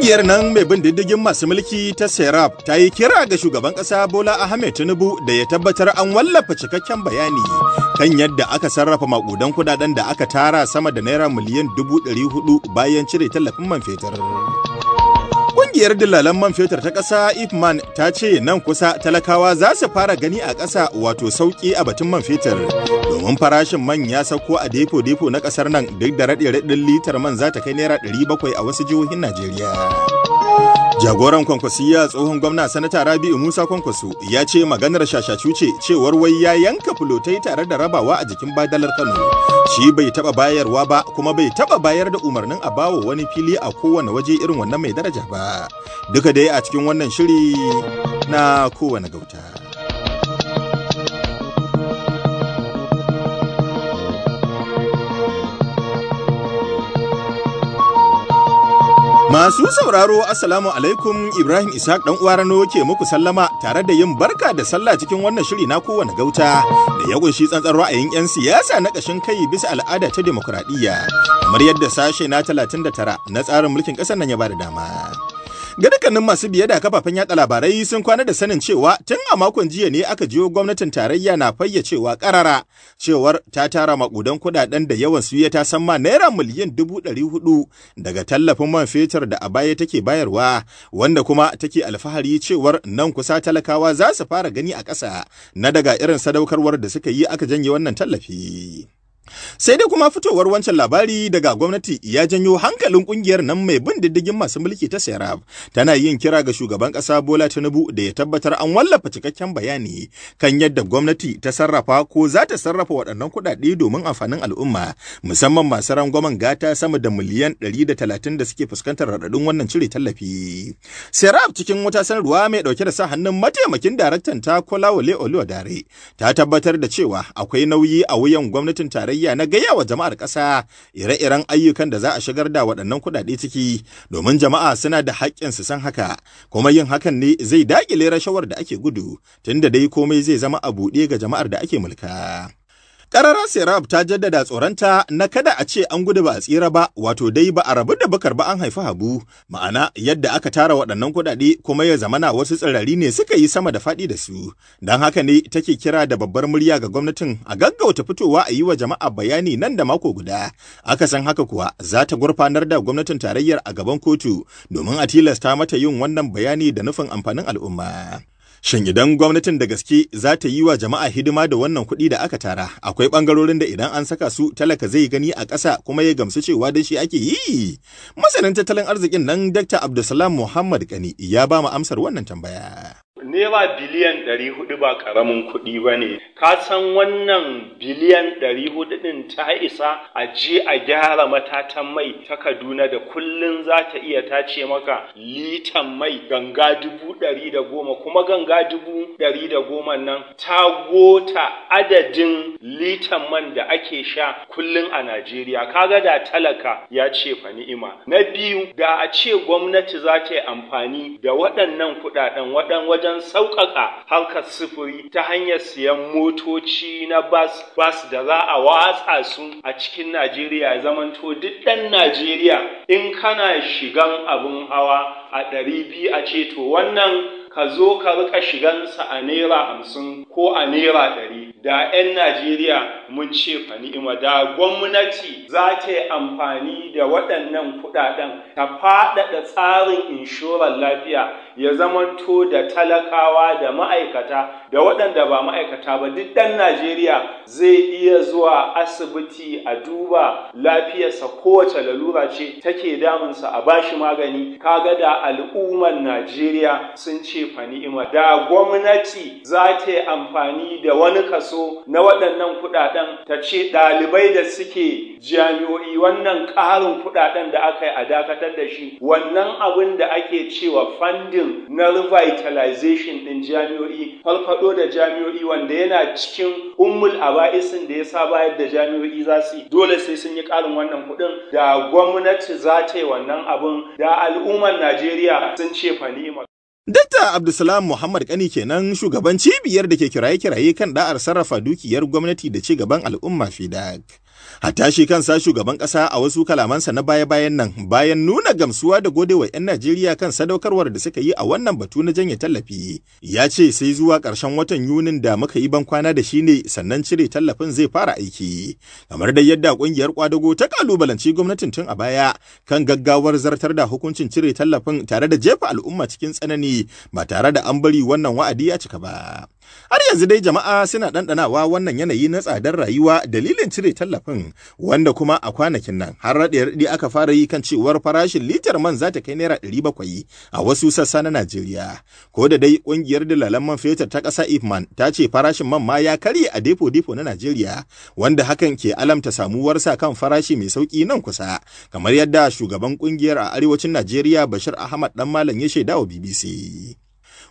Ƙungiyar nan mai bin diddigin masu mulki ta Serap ta yi kira ga shugaban ƙasa Bola Ahmed Tinubu da ya tabbatar an wallafa cikakken bayani kan yadda aka sarrafa maƙudan kudaden da aka tara sama da naira miliyan dubu ɗari hudu bayan cire tallafin man fetur. Ƙungiyar dillalan man fetur ta ƙasa Ifman ta ce nan kusa talakawa za su fara gani a ƙasa wato sauƙi a batun man fetur. Domin farashin man ya sauko a depo-depo na ƙasar nan duk da raɗe litar man za ta kai naira 700 a wasu jihohin Najeriya. Jagoran Kwankwasiya tsohon gwamna Sanata Rabi'u Musa Kwankwaso ya ce maganar shashashu ce cewar wai ya yanka fulotai tare da rabawa a jikin badalar Kano. Shi bai taba bayarwa ba kuma bai taba bayar da umarnin a bawa wani fili a kowane waje irin wannan mai daraja ba. Duka dai a cikin wannan shiri na kowane gauta. Masu sauraro Assalamu alaikum Ibrahim Isaac dan uwa Rano ke muku sallama tare da yin barka da sallah cikin wannan shiri na kowane gauta da ya kunshi tsantsar ra'ayin 'yan siyasa na ƙashin kai bisa al'ada ta demokuraɗiyya kamar yadda sashe na 39 na tsarin mulkin ƙasar nan ya bada dama. Ga dukkanin masu biye da kafafen yada labarai sun kwana da sanin cewa tun a makon jiya ne aka jiyo gwamnatin tarayya na fayyacewa karara cewar ta tara makudan kudaden da yawan su ya ta ma naira miliyan dubu ɗari hudu daga tallafin man fetur da a baya take bayarwa wanda kuma take alfahari cewar nan kusa talakawa za su fara gani a ƙasa na daga irin sadaukarwar da suka yi aka janye wannan tallafi. Sai dai kuma fitowar wancan labari daga gwamnati ya janyo hankalin kungiyar nan mai bin diddigin masu mulki ta serab Tana yin kira ga shugaban ƙasa Bola Tinubu da ya tabbatar an wallafa cikakken bayani kan yadda gwamnati ta sarrafa ko za ta sarrafa waɗannan kuɗaɗe domin amfanin al'umma musamman masu rangwamen gata sama da miliyan 130 da talatin da suke fuskantar raɗaɗin wannan cire tallafi. serab cikin wata sanarwa mai ɗauke da sa hannun mataimakin daraktan ta Kolawole Oluwadare ta tabbatar da cewa akwai nauyi a wuyan gwamnatin tarayya tarayya na gaya wa jama'ar ƙasa ire-iren ayyukan da za a shigar da waɗannan kuɗaɗe ciki domin jama'a suna da haƙƙin su san haka kuma yin hakan ne zai daƙile rashawar da ake gudu tunda dai komai zai zama a buɗe ga jama'ar da ake mulka. kararar Serap ta jaddada tsoronta na kada a ce an gudu ba a tsira ba, wato dai ba a rabu da bakar ba an haifi habu, ma'ana yadda aka tara waɗannan kuɗaɗe kuma ya zamana wasu tsirari ne suka yi sama da faɗi da su. Don haka ne take kira da babbar murya ga gwamnatin a gaggauta fitowa a yi wa jama'a bayani nan da mako guda. Aka san haka kuwa za ta gurfanar da gwamnatin tarayyar a gaban kotu domin a tilasta mata yin wannan bayani da nufin amfanin al'umma. Shin idan gwamnatin da gaske za ta yi wa jama'a hidima da wannan kuɗi da aka tara, akwai ɓangarorin da idan an saka su talaka zai gani a ƙasa kuma ya gamsu cewa da shi ake yi? Masanin tattalin arzikin nan Dr. Abdulsalam Muhammad Kani ya ba mu amsar wannan tambaya. Naira biliyan ɗari hudu ba ƙaramin kuɗi ba ne. Ka san wannan biliyan ɗari hudu ɗin ta isa a je a gyara matatan mai ta Kaduna da kullun za ta iya tace maka litan mai ganga dubu ɗari da goma kuma ganga dubu ɗari da goma nan ta gota adadin litan man da ake sha kullun a Najeriya. Kaga da talaka ya ce fa ni'ima. Na biyu da a ce gwamnati za ta yi amfani da waɗannan kuɗaɗen waɗan wajen sauƙaƙa harkar sufuri ta hanyar siyan motoci na bas bas da za a watsa su a cikin Najeriya ya zamanto duk ɗan Najeriya in kana shigan abin hawa a ɗari biyu a ce to wannan ka zo ka riƙa shigansa a naira hamsin ko a naira ɗari da 'yan najeriya mun ce fa ni'ima da gwamnati za ta yi amfani da waɗannan kuɗaɗen ta faɗaɗa tsarin inshorar lafiya ya zamanto da talakawa da ma'aikata da waɗanda ba ma'aikata ba duk ɗan Najeriya zai iya zuwa asibiti a duba lafiyarsa kowace lalura ce take damunsa a bashi magani kaga da al'ummar Najeriya sun ce fa ni'ima da gwamnati za ta yi amfani da wani kaso na waɗannan kuɗaɗen ta ce ɗalibai da suke jami'o'i wannan ƙarin kuɗaɗen da aka yi a dakatar da shi wannan abin da ake cewa fandin na revitalization din jami'o'i falfado da jami'o'i wanda yana cikin ummul aba'isin da ya sa bayar da jami'o'i za su dole sai sun yi karin wannan kuɗin da gwamnati za ta yi wannan abin da al'ummar najeriya sun ce fanima Dakta Abdulsalam Muhammad Kani kenan shugaban cibiyar da ke kiraye-kiraye kan da'ar sarrafa dukiyar gwamnati da ci gaban al'umma FIDAC. Hatta shi sa shugaban ƙasa a wasu kalamansa na baya-bayan nan bayan nuna gamsuwa da gode wa 'yan Najeriya kan sadaukarwar da suka yi a wannan batu na janye tallafi. Ya ce sai zuwa ƙarshen watan Yunin da muka yi ban kwana da shi ne sannan cire tallafin zai fara aiki. Kamar da yadda ƙungiyar kwadago ta kalubalanci gwamnatin tun a baya kan gaggawar zartar da hukuncin cire tallafin tare da jefa al'umma cikin tsanani ba tare da an bari wannan wa'adi ya cika ba. Har yanzu dai jama'a suna ɗanɗanawa wannan yanayi na tsadar rayuwa dalilin cire tallafin wanda kuma a kwanakin nan har raɗe-raɗe aka fara yi kan cewar farashin litar man za ta kai naira ɗari bakwai a wasu sassa na Najeriya. Ko da dai ƙungiyar dalalan man fetur ta ƙasa Ipman ta ce farashin man ma ya karye a depo-depo na Najeriya wanda hakan ke alamta samuwar sa kan farashi mai sauƙi nan kusa kamar yadda shugaban ƙungiyar a arewacin Najeriya Bashir Ahmad Dan Malam ya shaida wa BBC.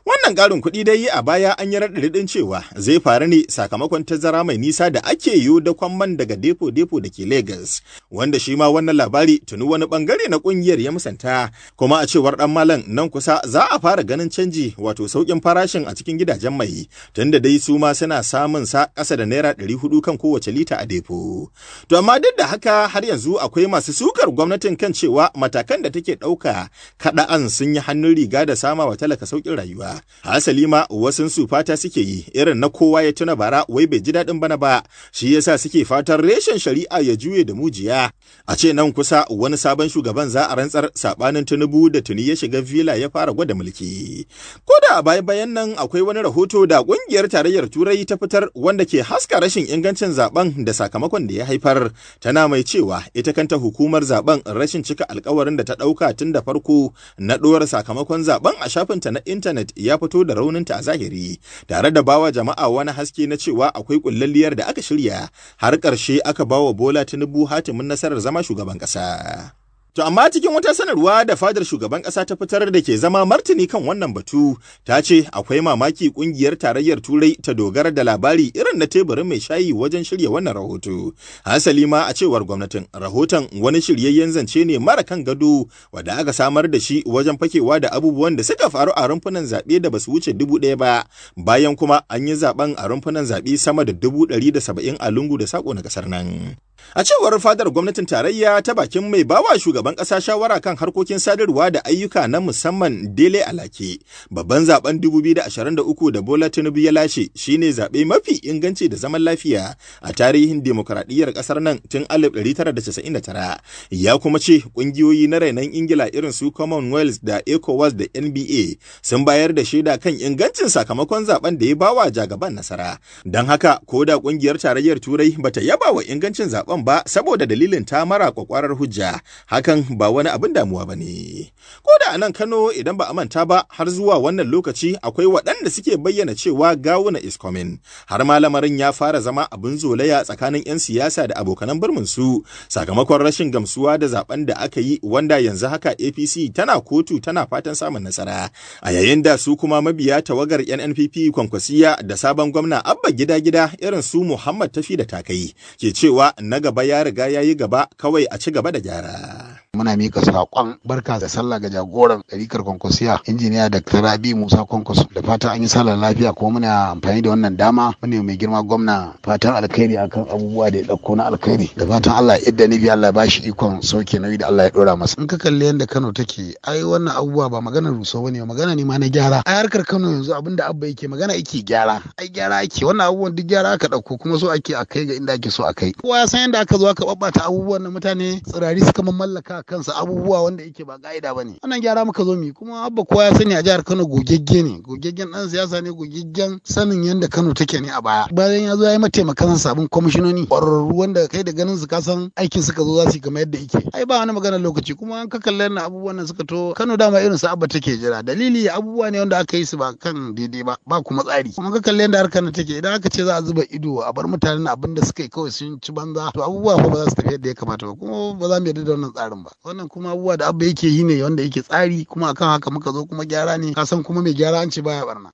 Wannan ƙarin kuɗi dai a baya an yi raɗaɗin cewa zai faru ne sakamakon tazara mai nisa da ake yi da kwamman daga depo-depo da ke Lagos, wanda shi ma wannan labari tuni wani bangare na ƙungiyar ya musanta, kuma a cewar ɗan malam nan kusa za a fara ganin canji wato sauƙin farashin a cikin gidajen mai, tunda dai su ma suna samun sa ƙasa da naira ɗari hudu kan kowace lita a depo. To amma duk da haka har yanzu akwai masu sukar gwamnatin kan cewa matakan da take ɗauka kaɗa'an sun yi hannun riga da sama wa talaka sauƙin rayuwa. ba. Hasali ma wasu su fata suke yi irin na kowa ya tuna bara wai bai ji daɗin bana ba shi yasa suke fatan reshen shari'a ya juye da mujiya. A ce nan kusa wani sabon shugaban za a rantsar saɓanin Tinubu da tuni ya shiga villa ya fara gwada mulki. Ko da a baya bayan nan akwai wani rahoto da ƙungiyar tarayyar Turai ta fitar wanda ke haska rashin ingancin zaben da sakamakon da ya haifar tana mai cewa ita kanta hukumar zaben rashin cika alkawarin da ta ɗauka tun da farko na sakamakon zaben a shafinta na intanet ya fito da rauninta a zahiri tare da bawa jama'a wani haske na cewa akwai kullalliyar da aka shirya har ƙarshe aka bawa Bola Tinubu hatimin nasarar zama shugaban ƙasa. To amma cikin wata sanarwa da fadar shugaban ƙasa ta fitar da ke zama martini kan wannan batu, ta ce akwai mamaki ƙungiyar tarayyar Turai ta dogara da labari irin na teburin mai shayi wajen shirya wannan rahoto. Hasali ma a cewar gwamnatin, rahoton wani shiryayyen zance ne mara kan gado wadda aka samar da shi wajen fakewa da abubuwan da suka faru a rumfunan zaɓe da basu wuce dubu ɗaya ba, bayan kuma an yi zaɓen a rumfunan zaɓe sama da dubu ɗari da saba'in a lungu da sako na ƙasar nan. A cewar fadar gwamnatin tarayya ta bakin mai bawa shugaban ƙasa shawara kan harkokin sadarwa da ayyuka na musamman Dele Alake, babban zaben 2023 da Bola Tinubu ya lashe shine zaɓe mafi inganci da zaman lafiya a tarihin demokuraɗiyyar ƙasar nan tun 1999. Ya kuma ce ƙungiyoyi na rainon Ingila irin su Commonwealth da ECOWAS da NBA sun bayar da shaida kan ingancin sakamakon zaben da ya bawa jagaban nasara. Don haka, ko da ƙungiyar tarayyar Turai bata yaba wa ingancin zaben saƙon ba saboda dalilin ta mara kwakwarar hujja hakan ba wani abin damuwa ba ne. Ko da a nan Kano idan ba a manta ba har zuwa wannan lokaci akwai waɗanda suke bayyana cewa gawuna is coming har ma lamarin ya fara zama abin zolaya tsakanin 'yan siyasa da abokanan birnin su sakamakon rashin gamsuwa da zaben da aka yi wanda yanzu haka APC tana kotu tana fatan samun nasara a yayin da su kuma mabiya tawagar 'yan NPP kwankwasiya da sabon gwamna abba gida gida irin su Muhammad tafi da takai ke cewa na na gaba ya riga ya yi gaba kawai a ci gaba da gyara. muna mika saƙon barka da sallah ga jagoran ɗarikar kwankwasiya injiniya dr rabi musa kwankwaso da fatan an yi sallar lafiya kuma muna amfani da wannan dama mune mai girma gwamna fatan alkhairi akan abubuwa da ya ɗauko na alkhairi da fatan allah ya yadda ni allah ba shi ikon sauke nauyi da allah ya ɗora masa in ka kalli yadda kano take ai wannan abubuwa ba maganar ruso ba ne magana ne ma na gyara ai harkar kano yanzu abin da abba yake magana yake gyara ai gyara ake wannan abubuwan duk gyara aka ɗauko kuma so ake a kai ga inda ake so a kai kowa ya san yadda aka zo aka ɓaɓɓata abubuwan na mutane tsirari suka mallaka kansa abubuwa wanda yake ba ka'ida ba ne nan gyara muka zo mi kuma abba kowa ya sani a jihar kano gogegge ne gogeggen dan siyasa ne gogeggen sanin yadda kano take ne a baya bayan ya zo ya yi mataimakan sabon kwamishinoni Kwararru wanda kai da ganin su ka san aikin suka zo za su yi kamar yadda yake ai ba wani magana lokaci kuma an ka kalli na abubuwan nan suka to kano dama irin su abba take jira dalili abubuwa ne wanda aka yi su ba kan daidai ba ba kuma tsari kuma ka kalli yadda harkar na take idan aka ce za a zuba ido a bar mutanen abin da suka yi kawai sun ci banza to abubuwa ba za su tafi yadda ya kamata ba kuma ba za mu yarda da wannan tsarin ba ba wannan kuma abubuwa da abba yake yi ne wanda yake tsari kuma akan haka muka zo kuma gyara ne ka san kuma mai gyara an ce baya barna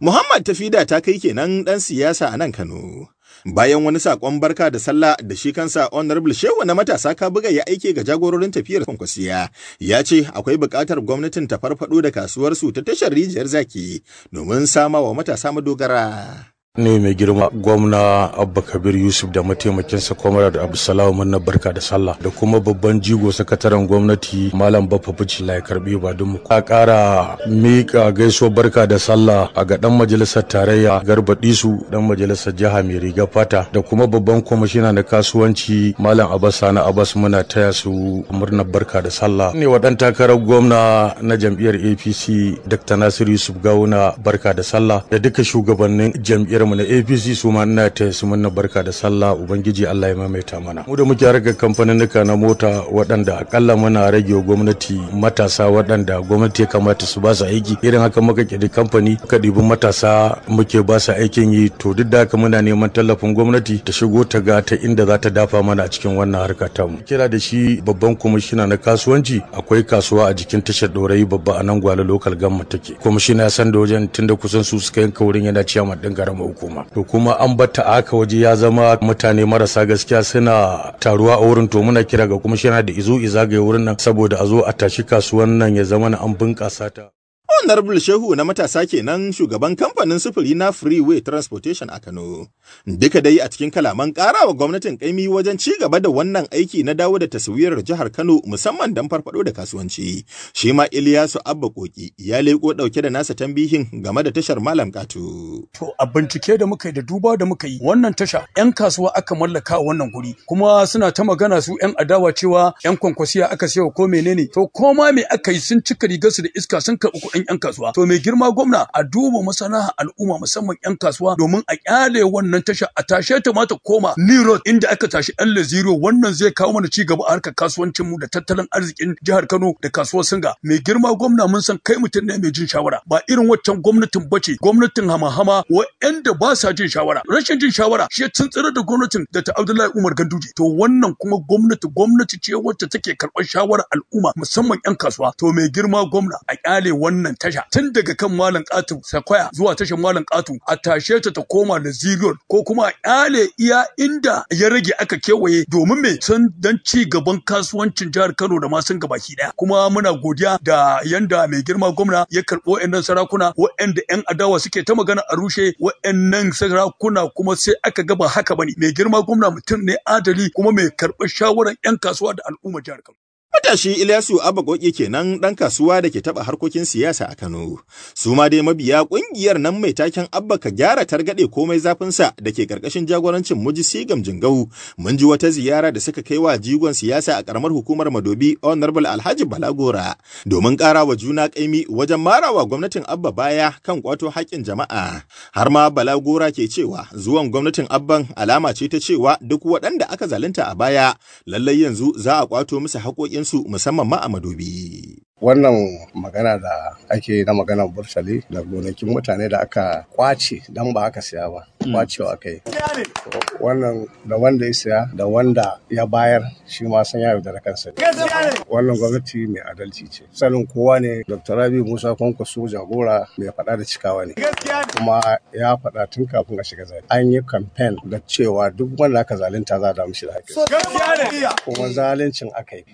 Muhammad Tafida ta kai kenan dan siyasa a nan Kano bayan wani sakon barka da sallah da shi kansa honorable shehu na matasa ka buga ya aike ga jagororin tafiyar kwankwasiya ya ce akwai buƙatar gwamnatin ta farfado da kasuwarsu ta tashar rijiyar zaki domin sama wa matasa madogara ne mai girma gwamna abba kabir yusuf da mataimakinsa kwamara da abdulsalam na barka da sallah da kuma babban jigo sakataren gwamnati malam baffa fici lai karbi ba dumu a kara mika gaisuwar barka da sallah a ga dan majalisar tarayya garba disu dan majalisar jiha mai riga fata da kuma babban kwamishina na kasuwanci malam abbas na abbas muna taya su murnar barka da sallah ne wa dan takarar gwamna na jam'iyyar apc dr Nasir yusuf gawuna barka da sallah da duka shugabannin jam'iyyar mu na APC su ma ina ta su na barka da sallah ubangiji Allah ya maimaita mana mu da muke kamfanin kamfaninnika na mota waɗanda akalla muna rage gwamnati matasa waɗanda gwamnati ya kamata su ba su aiki irin haka muka kidi kamfani ka ɗibi matasa muke ba su aikin yi to duk da haka muna neman tallafin gwamnati ta shigo ta ga ta inda za ta dafa mana a cikin wannan harka mu kira da shi babban kwamishina na kasuwanci akwai kasuwa a jikin tashar ɗorayi babba a nan gwale lokal gamma take kwamishina ya san da wajen tunda kusan su suka yanka wurin yana ciyaman ɗin garama hukuma to kuma an batta aka waje ya zama mutane marasa gaskiya suna taruwa a wurin to muna kira ga kuma shi yana da izo izagaye wurin nan saboda a zo a tashi kasuwan nan ya zama na an bunƙasa ta Honorable Shehu na matasa kenan shugaban kamfanin sufuri na Freeway Transportation a Kano. Duka dai a cikin kalaman wa gwamnatin ƙaimi wajen ci gaba da wannan aiki na dawo da taswirar jihar Kano musamman don farfado da kasuwanci. Shi ma Iliyasu Abba Koki ya leko ɗauke da nasa tambihin game da tashar Malam Katu. To a bincike da muka yi da duba da muka yi wannan tasha 'yan kasuwa aka mallaka wannan guri kuma suna ta magana su 'yan adawa cewa 'yan kwankwasiya aka sayo ko menene to koma me aka yi sun cika rigarsu da iska sun karɓi kuɗin 'yan kasuwa to mai girma gwamna a duba masana'a al'umma musamman 'yan kasuwa domin a kyale wannan tasha a tashe ta mata koma koma Nirot inda aka tashi ɗan Laziro wannan zai kawo mana ci gaba a harkar kasuwancin mu da tattalin arzikin jihar Kano da kasuwar Singa mai girma gwamna mun san kai mutum ne mai jin shawara ba irin waccan gwamnatin bace gwamnatin hama-hama wa'anda ba sa jin shawara rashin jin shawara shi ya tuntsira da gwamnatin da ta Abdullahi Umar Ganduje to wannan kuma gwamnati gwamnati ce wacce take karɓar shawarar al'umma musamman 'yan kasuwa to mai girma gwamna a kyale wannan tasha tun daga kan malam katu sakwaya zuwa tashar malam katu a tashe ta ta koma da ziliyar ko kuma a kyale iya inda ya rage aka kewaye domin me sun dan ci gaban kasuwancin jihar Kano da ma sun gabaki daya kuma muna godiya da yanda mai girma gwamna ya karbo ɗan sarakuna waɗanda yan adawa suke ta magana a rushe nan sarakuna kuma sai aka gaba haka bane mai girma gwamna mutum ne adali kuma mai karɓar shawarar yan kasuwa da al'umma jihar Kano Matashi Ilyasu Abagoke kenan ɗan kasuwa da ke taɓa harkokin siyasa a Kano. Su ma dai mabiya ƙungiyar nan mai taken Abba ka gyara targaɗe komai zafinsa da ke ƙarƙashin jagorancin Muji Sigam Jingau. Mun ji wata ziyara da suka kai wa jigon siyasa a ƙaramar hukumar Madobi Honorable Alhaji Balagora domin ƙara wa juna ƙaimi wajen marawa gwamnatin Abba baya kan kwato haƙƙin jama'a. Har ma Balagora ke cewa zuwan gwamnatin Abban alama ce ta cewa duk waɗanda aka zalunta a baya lallai yanzu za a kwato musu haƙoƙin haƙoƙinsu musamman ma a madobi. wannan magana da ake na maganar burtali da gonakin mutane da aka kwace don ba aka siya ba hmm. kwacewa aka yi wannan da wanda ya siya da wanda ya bayar shi ma san ya da kansa wannan gwamnati mai adalci ce sanin kowa ne dr rabi musa kwankwaso jagora mai fada da cikawa ne kuma ya fada tun kafin a shiga zaɓe an yi kamfen da cewa duk wanda aka zalunta za a damu shi da haƙƙi kuma zaluncin aka yi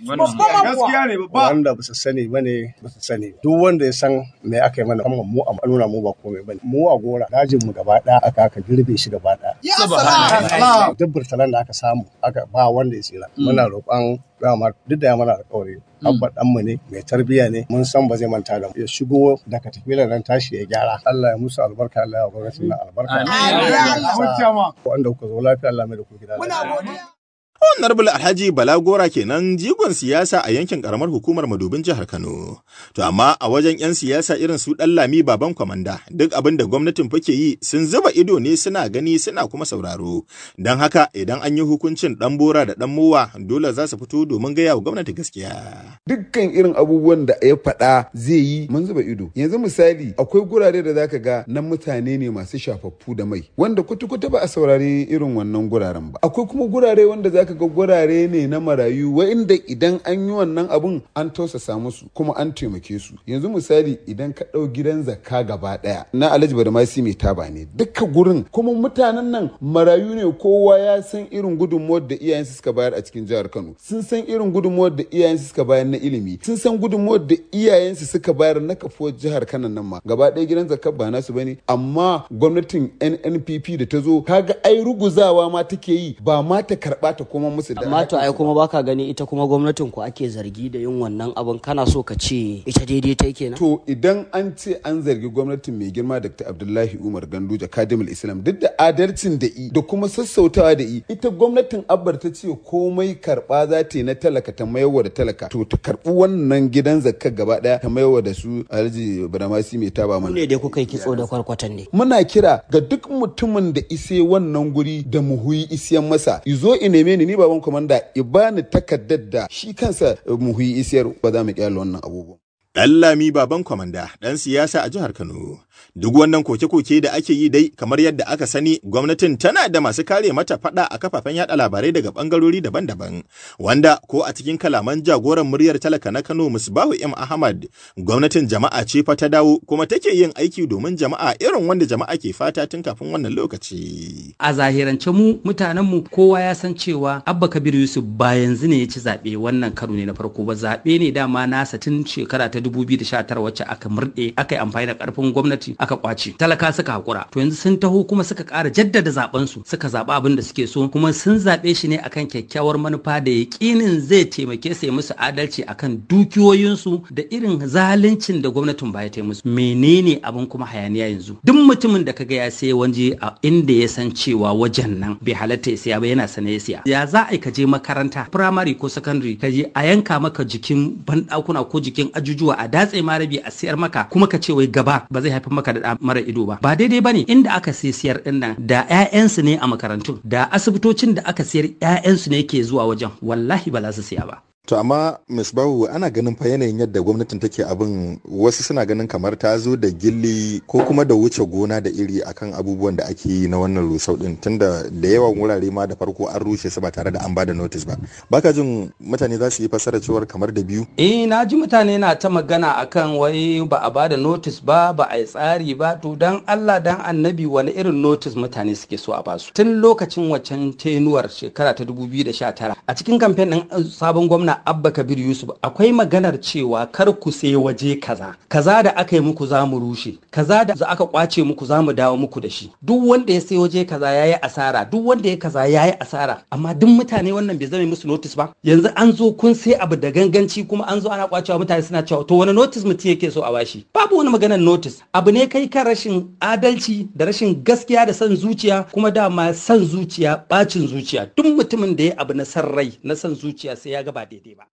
wanda ba sani bane ba su sani duk wanda ya san me aka yi mana mu a nuna mu ba komai bane mu a gora dajin mu gaba da aka aka girbe shi gaba da duk burtalan da aka samu aka ba wanda ya tsira muna mm. roƙon dama duk da ya mana alƙawari mm. abba ɗanmu ne mai tarbiyya ne mun san ba zai manta da mu ya shigo daga tafiya nan tashi ya gyara Allah ya musu albarka Allah ya gwamnati na albarka amin wanda kuka zo lafiya Allah mai da ku gida godiya. Honorable Alhaji Balagora kenan jigon siyasa a yankin karamar hukumar madubin jihar Kano. To amma a wajen 'yan siyasa irin su ɗan lami baban kwamanda duk abin da gwamnatin fake yi sun zuba ido ne suna gani suna kuma sauraro. Don haka idan an yi hukuncin ɗan bora da ɗan mowa dole za su fito domin gaya wa gwamnati gaskiya. Dukkan irin abubuwan da ya faɗa zai yi mun zuba ido. Yanzu misali akwai gurare da zaka ga na mutane ne masu shafaffu da mai wanda kwata-kwata ba a saurari irin wannan guraren ba. Akwai kuma gurare wanda zaka ka ga gurare ne na marayu wa'inda idan an yi wannan abun an tausasa musu kuma an taimake su yanzu misali idan ka ɗau gidan zakka gaba ɗaya na alhaji masi mai taba ne duka gurin kuma mutanen nan marayu ne kowa ya san irin gudunmuwar da iyayen suka bayar a cikin jihar kano sun san irin gudunmuwar da iyayen suka bayar na ilimi sun san gudunmuwar da iyayen su suka bayar na kafuwar jihar kano nan ma gaba ɗaya gidan zakka ba nasu bane amma gwamnatin nnpp da ta zo kaga ai ruguzawa ma take yi ba ma ta karɓa ta kuma kuma musu da amma to ai kuma baka gani ita kuma gwamnatin ku ake zargi da yin wannan abin kana so ka ce ita daidai ta na. to idan an ce an zargi gwamnatin mai girma Dr. Abdullahi Umar ganduja Kadimul Islam duk da adalcin da i da kuma sassautawa da i ita gwamnatin Abbar ta ce komai karba za ta yi na talaka ta mayarwa da talaka to ta karbi wannan gidan zakka gaba daya ta mayarwa da su Alhaji Badamasi mai taba mana ne dai kuka yi kitso da kwarkwatan ne muna kira ga duk mutumin da ise wannan guri da muhuyi isiyan masa izo i neme ni ni baban kwamanda i bani takardar da shi kansa eh, muhi isiyar ba za mu kyale wannan abubuwan Ɗan Baban Kwamanda, ɗan siyasa a jihar Kano. Duk wannan koke-koke da ake yi dai kamar yadda aka sani gwamnatin tana da masu kare mata fada a kafafen yada labarai daga bangarori daban-daban. Wanda ko a cikin kalaman jagoran muryar talaka na Kano Musbahu M. Ahmad, gwamnatin jama'a ce fa ta dawo kuma take yin aiki domin jama'a irin wanda jama'a ke fata tun kafin wannan lokaci. A zahirance mu mutanen mu kowa ya san cewa Abba Kabir Yusuf ba yanzu ne ya ci zaɓe wannan karo ne na farko ba zaɓe ne dama nasa tun shekara ta 2019 wacce aka murɗe aka yi amfani da karfin gwamnati aka kwace talaka suka hakura to yanzu sun taho kuma suka ƙara jaddada zaben su suka zaɓi abin da suke so kuma sun zaɓe shi ne akan kyakkyawar manufa da yaƙinin zai taimake su musu adalci akan dukiyoyinsu da irin zaluncin da gwamnatin baya ta musu menene abin kuma hayaniya yanzu duk mutumin da kaga ya sai wanje a inda ya san cewa wajen nan bai halatta ya saya ba yana sane ya siya ya za a yi ka je makaranta primary ko secondary ka je a yanka maka jikin banɗakuna ko jikin ajujuwa cewa a datse ma rabi a siyar maka kuma ka ce wai gaba ba zai haifar maka da mara ido ba ba daidai bane inda aka sai siyar din nan da ƴaƴansu ne a makarantun da asibitocin da aka siyar ƴaƴansu ne ke zuwa wajen wallahi ba za su siya ba To amma Ms. bawu ana ganin fa yanayin yadda gwamnatin take abin wasu suna ganin kamar ta zo da gilli ko kuma da wuce gona da iri akan abubuwan da ake yi na wannan rusau din tunda da yawan wurare ma da farko an rushe su ba tare da an ba da notice ba. Baka jin mutane za su yi fasara cewar kamar da biyu? Eh na ji mutane na ta magana akan wai ba a ba da notice ba ba a yi tsari ba to dan Allah dan annabi wani irin notice mutane suke so a ba su. Tun lokacin waccan tenuwar shekara ta 2019 a cikin kamfen din eh, sabon gwamna magana abba kabir yusuf akwai maganar cewa kar ku sai waje kaza kaza da aka yi muku za mu rushe kaza da aka kwace muku za mu dawo muku da shi duk wanda ya sai waje kaza ya yi asara duk wanda ya kaza ya yi asara amma duk mutane wannan bai zama musu notice ba yanzu an zo kun sai abu da ganganci kuma an zo ana kwacewa mutane suna cewa to wani notice mutum yake so a bashi babu wani maganar notice abu ne kai kan rashin adalci da rashin gaskiya da san zuciya kuma dama san zuciya bacin zuciya duk mutumin da ya abu na san rai na san zuciya sai ya gaba daidai positiva.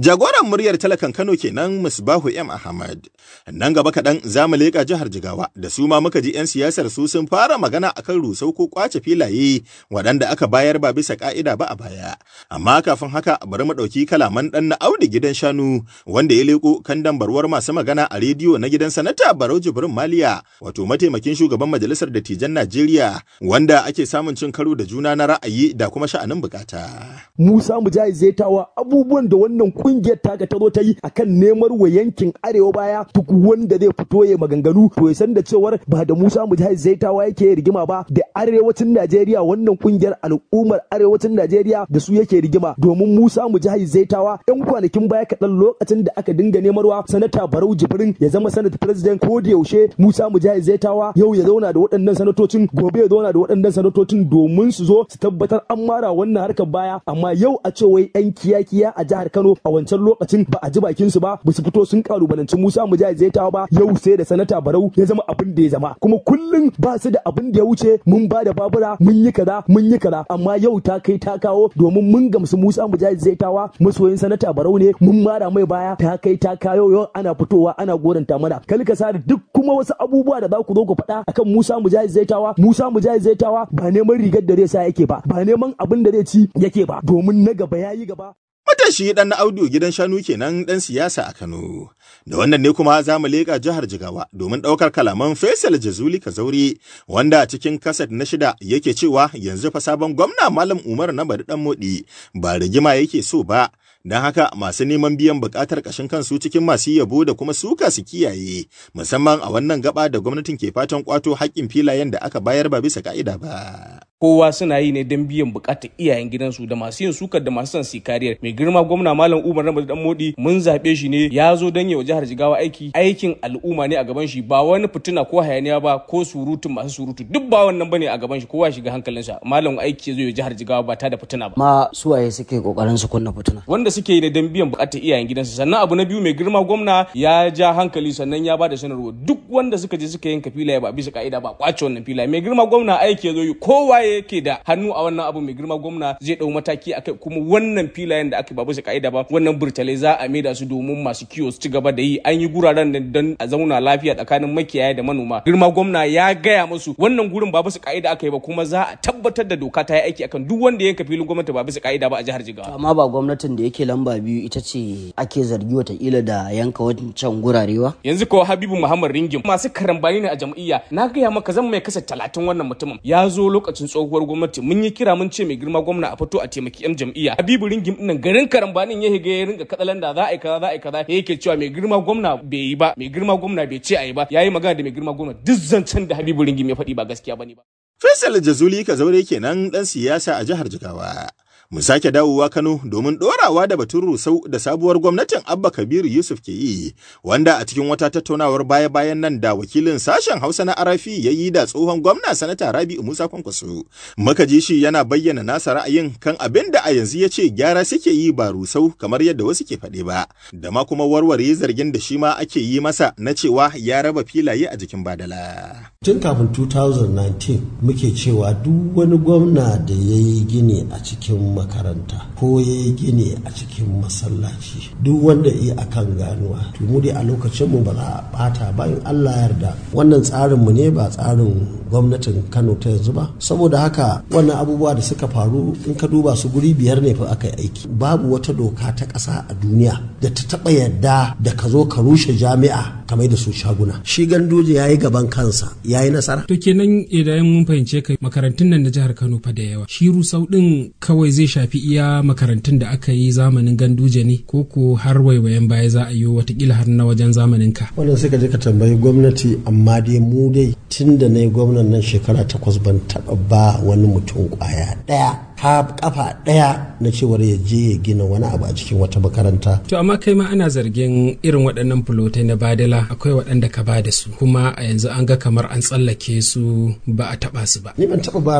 Jagoran muryar talakan Kano kenan Musbahu M. Ahmad. Nan gaba kaɗan za mu leƙa jihar Jigawa da su ma muka ji 'yan siyasar su sun fara magana akan rusau ko ƙwace filaye waɗanda aka bayar ba bisa ƙa'ida ba a baya. Amma kafin haka bari mu ɗauki kalaman ɗan na Audu gidan shanu wanda ya leƙo kan dambarwar masu magana a rediyo na gidan sanata Barau Jibrin Maliya wato mataimakin shugaban majalisar dattijan Najeriya wanda ake samun cin karo da juna na ra'ayi da kuma sha'anin bukata. Musa Mujahid zai tawa abubuwan da wannan kungiyar ta ta zo ta yi akan nemar wa yankin arewa baya duk wanda zai fito ya maganganu to ya san da cewar ba da Musa Mujahid Zaitawa yake rigima ba da arewacin Najeriya wannan kungiyar al'ummar arewacin Najeriya da su yake rigima domin Musa Mujahid Zaitawa ɗan kwanakin baya kaɗan lokacin da aka dinga nemarwa sanata Barau Jibrin ya zama sanata president ko da yaushe Musa Mujahid Zaitawa yau ya zauna da waɗannan sanatocin gobe ya zauna da waɗannan sanatocin domin su zo su tabbatar an mara wannan harkar baya amma yau a ce wai ɗan kiyakiya a jihar Kano a a wancan lokacin ba a ji bakin su ba bisu fito sun karu kalubalanci Musa Mujahid zai tawo ba yau sai da sanata Barau ya zama abin da ya zama kuma kullum ba su da abin da ya wuce mun ba da babura mun yi kaza mun yi kaza amma yau ta kai ta kawo domin mun gamsu Musa Mujahid zai tawa masoyin sanata Barau ne mun mara mai baya ta kai ta kayo yau ana fitowa ana goranta mana kalka sare duk kuma wasu abubuwa da za ku zo ku faɗa akan Musa Mujahid zai tawa Musa Mujahid zai tawa ba neman rigar da zai sa yake ba ba neman abin da zai ci yake ba domin na gaba yayi gaba Matashi ɗan na audio gidan shanu kenan ɗan siyasa a Kano. Da wannan ne kuma za mu leƙa jihar Jigawa domin ɗaukar kalaman Faisal Jazuli Kazauri wanda a cikin kaset na shida yake cewa yanzu fa sabon gwamna Malam Umar na bari ɗan moɗi ba rigima yake so ba. Don haka masu neman biyan buƙatar ƙashin kansu cikin masu yabo da kuma suka su kiyaye musamman a wannan gaba da gwamnatin ke fatan kwato haƙƙin filayen da aka bayar ba bisa ƙa'ida ba. kowa suna yi ne don biyan bukatar iyayen gidansu da masu yin sukar da masu son su kariyar mai girma gwamna malam umar na dan modi mun zaɓe shi ne ya zo don yawa jihar jigawa aiki aikin al'umma ne a gaban shi ba wani fituna ko hayaniya ba ko surutun masu surutu duk ba wannan bane a gaban shi kowa shiga hankalinsa malam aiki ya zo ya jihar jigawa ba ta da fituna ba ma suwaye suke kokarin su kunna fituna wanda suke yi ne don biyan bukatar iyayen gidansu sannan abu na biyu mai girma gwamna ya ja hankali sannan ya bada sanarwa duk wanda suka je suka yanka filaye ba bisa ka'ida ba kwace wannan filaye mai girma gwamna aiki ya zo kowa yake da hannu a wannan abu mai girma gwamna zai dau mataki akai kuma wannan filayen da aka babu shi ka'ida ba wannan burtale za a maida su domin masu kiwo su ci gaba da yi an yi guraren da don a zauna lafiya tsakanin makiyaya da manoma girma gwamna ya gaya musu wannan gurin babu shi ka'ida aka yi ba kuma za a tabbatar da doka ta yi aiki akan duk wanda yanka filin gwamnati babu shi ka'ida ba a jihar Jigawa amma ba gwamnatin da yake lamba biyu ita ce ake zargi watakila da yanka wancan gurarewa yanzu ko Habibu Muhammad Ringim masu karambani ne a jam'iyya na gaya maka zan mai kasa talatin wannan mutumin ya zo lokacin tso tsohuwar gwamnati mun yi kira mun ce mai girma gwamna a fito a taimaki yan jam'iyya habibu ringim nan garin karambanin ya higa ya ringa da za a yi kaza za a yi kaza yake cewa mai girma gwamna bai yi ba mai girma gwamna bai ce a yi ba yi magana da mai girma gwamna duk zancen da habibu ringim ya faɗi ba gaskiya bane ba Faisal Jazuli zaure kenan dan siyasa a jihar Jigawa. Mu sake dawowa Kano domin ɗorawa da batun rusau da sabuwar gwamnatin Abba Kabiru Yusuf ke yi, wanda a cikin wata tattaunawar baya-bayan nan da wakilin sashen Hausa na Arafi ya yi da tsohon gwamna sanata Rabi'u Musa Kwankwaso. Muka ji shi yana bayyana nasa ra'ayin kan abin da a yanzu ya ce gyara suke yi ba rusau kamar yadda wasu ke faɗe ba, da ma kuma warware zargin da shi ma ake yi masa na cewa ya raba filaye a jikin badala. Tun kafin 2019 muke cewa duk wani gwamna da ya yi gini a cikin makaranta ko ya yi gini a cikin masallaci duk wanda iya kan ganuwa to mu dai a lokacinmu ba za a bata bayan Allah yarda wannan tsarinmu ne ba tsarin gwamnatin Kano ta yanzu ba saboda haka wannan abubuwa da suka faru in ka duba su guri biyar ne fa aka yi aiki babu wata doka ta ƙasa a duniya da ta taɓa yarda da ka zo ka rushe jami'a ta mai da su shaguna shi ganduje ya yi gaban kansa ya yi nasara to kenan idan mun fahimce kai makarantun nan na jihar kano fa da yawa shi rusau din kawai zai shafi iya makarantun da aka yi zamanin ganduje ne ko ko har waiwayen baya za a yi watakila har na wajen zamanin ka wannan sai ka je ka tambayi gwamnati amma dai mu dai tunda da na gwamnan nan shekara takwas ban taba ba wani mutum kwaya ɗaya ta kafa ɗaya na cewar ya je ya gina wani abu a cikin wata makaranta. To amma kai ma ana zargin irin waɗannan fulotai na badala akwai waɗanda ka ba da su kuma a yanzu an ga kamar an tsallake su ba a taɓa su ba. Ni ban taɓa ba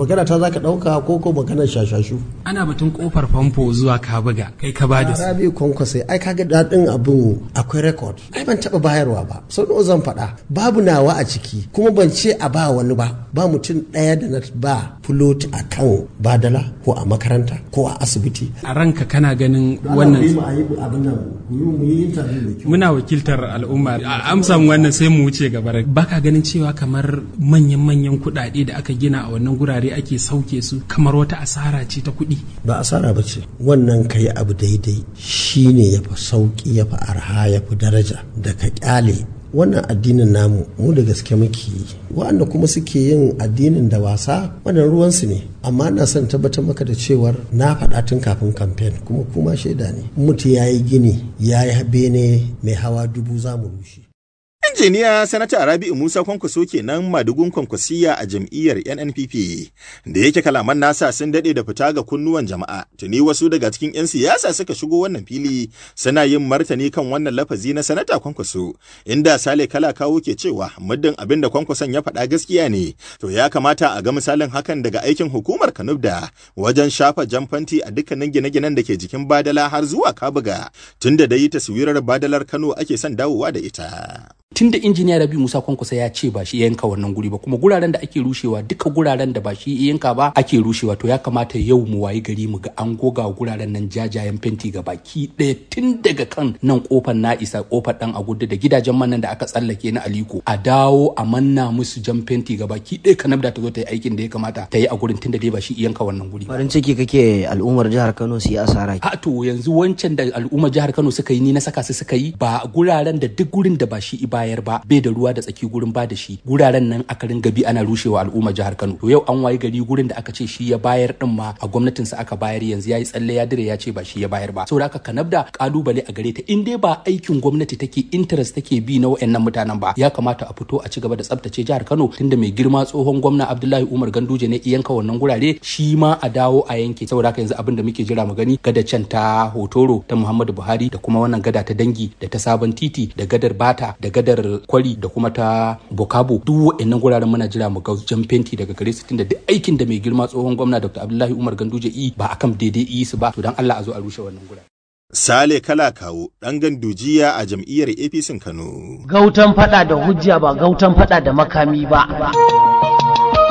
magana ta za ka ɗauka ko ko magana shashashu. Ana batun kofar famfo zuwa kabuga kai ka ba da su. Arabi kwankwasai ai kaga daɗin abin akwai rekod ai ban taɓa bayarwa ba sau nawa zan faɗa babu nawa a ciki kuma ban ce a ba wani ba ba mutum ɗaya da na ba fulot a kan badala ko a makaranta ko a asibiti a ranka kana ganin wannan muna wakiltar al'umma a amsan wannan sai mu wuce gaba baka ganin cewa kamar manyan manyan kudade da aka gina a wannan gurare ake sauke su kamar wata asara ce ta kudi. ba asara ba ce wannan kai abu daidai shine ya fi sauki ya fi arha ya fi daraja da ka kyale wannan addinin namu mu da gaske muke yi wa'anda kuma suke yin addinin da wasa wannan ruwansu ne amma na son tabbatar maka da cewar na faɗa tun kafin kamfen kuma kuma shaida ne mutu ya yi gini ya yi bene mai hawa dubu za mu rushe Injiniya Sanata Rabi'u Musa Kwankwaso ke nan madugun kwankwasiya a jam'iyyar NNPP da yake kalaman nasa sun dade da fita ga kunnuwan jama'a tuni wasu daga cikin 'yan siyasa suka shigo wannan fili suna yin martani kan wannan lafazi na Sanata Kwankwaso inda Sale Kala kawo ke cewa muddin abin da Kwankwason ya faɗa gaskiya ne to ya kamata a ga misalin hakan daga aikin hukumar Kanubda wajen shafa jamfanti a dukkanin gine-ginen da ke jikin Badala har zuwa Kabuga tunda da yi taswirar Badalar Kano ake son dawowa da ita. Tun da injiniya rabi musa kwankwasa ya ce ba shi yanka wannan guri ba kuma guraren da ake rushewa duka guraren da ba shi yanka ba ake rushewa to ya kamata yau mu wayi gari mu ga an goga guraren nan jajayen fenti ga baki ɗaya tun daga kan nan kofar na isa kofar dan agudu da gidajen man da aka tsallake na aliko a dawo a manna musu jan fenti ga baki ɗaya kanab da ta zo ta yi aikin da ya kamata ta yi a gurin tun da dai ba shi yanka wannan guri farin ciki kake al'ummar jihar Kano su yi asara ha to yanzu wancan da al'ummar jihar Kano suka yi ni na saka su suka yi ba guraren da duk gurin da ba shi bayar ba bai da ruwa da tsaki gurin ba da shi guraren nan aka ringa bi ana rushewa al'umma jihar Kano to yau an wayi gari gurin da aka ce shi ya bayar din ma a gwamnatin sa aka bayar yanzu yayi tsalle ya dire ya ce ba shi ya bayar ba saboda haka kanabda kalubale a gare ta in dai ba aikin gwamnati take interest take bi na wayannan mutanen ba ya kamata a fito a ci gaba da tsabtace jihar Kano tunda mai girma tsohon gwamna Abdullahi Umar Ganduje ne iyanka wannan gurare shi ma a dawo a yanke saboda haka yanzu abin da muke jira mu gani gada can ta hotoro ta Muhammadu Buhari da kuma wannan gada ta dangi da ta sabon titi da gadar bata da gadar gadar kwari da kuma ta bokabo duk wa'annan guraren muna jira mu ga jan fenti daga gare su tunda duk aikin da mai girma tsohon gwamna dr abdullahi umar ganduje i ba akan daidai i su ba to dan allah a zo a rushe wannan guraren Sale Kala Kawo ɗan gandujiya a jam'iyyar APC Kano. Gautan fada da hujja ba gautan fada da makami ba.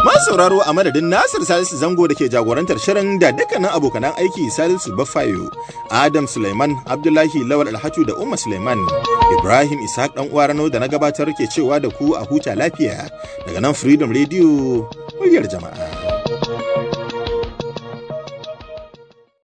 Masu sauraro a madadin Nasir Salisu Zango da ke jagorantar shirin da dukkanin abokanan aiki Salisu Bafayo, Adam Suleiman, Abdullahi Lawal Alhatu da Umma Suleiman, Ibrahim Ishak dan uwa da na gabatar ke cewa da ku a huta lafiya daga nan Freedom Radio muryar jama'a.